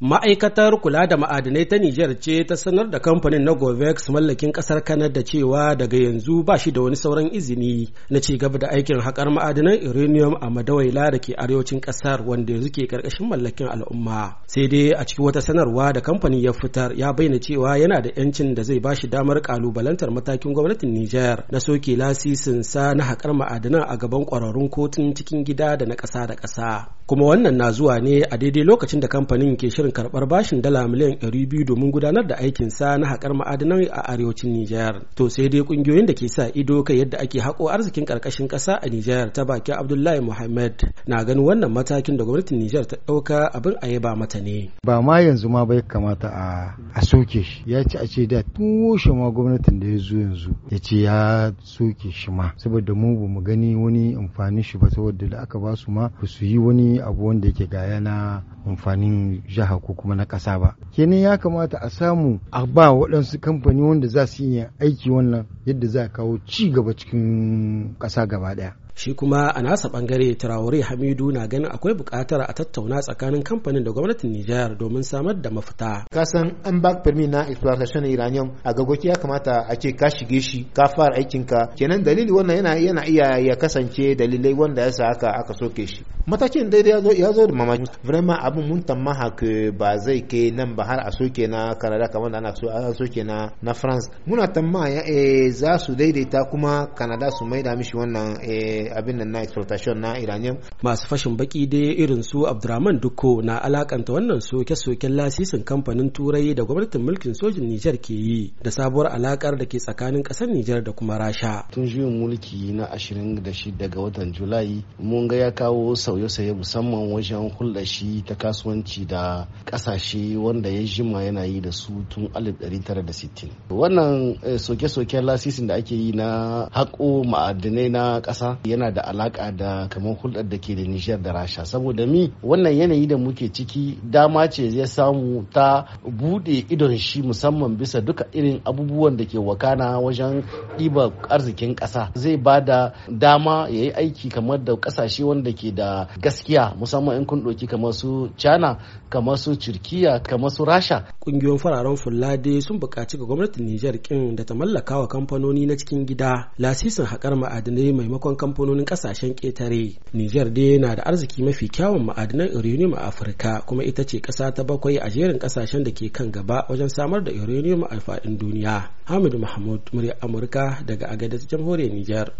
Ma'aikatar kula da ma'adinai ta Nijar ce ta sanar da kamfanin na Govex mallakin ƙasar Kanada cewa daga yanzu ba shi da wani sauran izini na ci gaba da aikin haƙar ma'adinan uranium a madawaila da ke arewacin ƙasar wanda yanzu ke ƙarƙashin mallakin al'umma. Sai dai a cikin wata sanarwa da kamfanin ya fitar ya bayyana cewa yana da 'yancin da zai ba shi damar ƙalubalantar matakin gwamnatin Nijar na soke lasisin sa na haƙar ma'adinan a gaban ƙwararrun kotun cikin gida da na ƙasa da ƙasa. Kuma wannan na zuwa ne a daidai lokacin da kamfanin ke shirin shirin karɓar bashin dala miliyan 200 domin gudanar da aikin sa na haƙar ma'adanai a arewacin Nijar. To sai dai ƙungiyoyin da ke sa ido kai yadda ake haƙo arzikin ƙarƙashin ƙasa a Nijar ta baki Abdullahi Muhammad na gani wannan matakin da gwamnatin Nijar ta ɗauka abin a ba mata ne. Ba ma yanzu ma bai kamata a soke shi. Ya ci a ce da tushe ma gwamnatin da ya zo yanzu ya ce ya soke shi ma saboda mu ba mu gani wani amfanin shi ba saboda da aka ba su ma su yi wani abu wanda yake gaya na amfanin jihar ko kuma na ƙasa ba kenan ya kamata a samu a ba waɗansu kamfani wanda za su yi aiki wannan yadda za a kawo ci gaba cikin ƙasa gaba ɗaya shi kuma a nasa ɓangare traore hamidu na ganin akwai bukatar a tattauna tsakanin kamfanin da gwamnatin nijar domin samar da mafita kasan an ba permi na exploitation uranium a gagoki ya kamata a ce ka shige shi ka fara aikinka kenan dalili wannan yana yana iya ya kasance dalilai wanda ya sa aka aka soke shi matakin daidai ya zo da mamaki vraiment abin mun tamaha ke ba zai ke nan ba har a soke na kanada kamar da ana a soke na na france muna tamaha ya eh, za su daidaita kuma kanada su mai da mishi wannan eh, abin nan na exploitation na iranian masu fashin baki dai irin su abdurrahman dukko na alakanta wannan soke-soken lasisin kamfanin turai da gwamnatin mulkin sojin nijar ke yi da sabuwar alakar da ke tsakanin kasar nijar da kuma rasha tun juyin mulki na 26 ga watan julai mun ga ya kawo sauye-sauye musamman wajen hulɗa shi ta kasuwanci da ƙasashe wanda ya jima yana yi da su tun 1960 wannan eh, soke-soken lasisin da ake yi na haƙo ma'adinai na ƙasa yana da alaƙa da kamar hulɗar da ke da nijar da rasha saboda mi wannan yanayi da muke ciki dama ce ya samu ta buɗe idon shi musamman bisa duka irin abubuwan da ke wakana wajen ɗiba arzikin ƙasa zai ba da dama ya yi aiki kamar da ƙasashe wanda ke da gaskiya musamman in kun ɗauki kamar su china kamar su turkiya kamar su rasha ƙungiyoyin fararen fulade sun buƙaci ga gwamnatin nijar kin da ta mallaka wa kamfanoni na cikin gida lasisin haƙar ma'adinai maimakon kamfanonin ƙasashen ƙetare nijar dai na da arziki mafi kyawun ma'adinan uranium a afirka kuma ita ce ƙasa ta bakwai a jerin ƙasashen da ke kan gaba wajen samar da uranium a faɗin duniya hamidu mahmud murya amurka daga agadez jamhuriyar nijar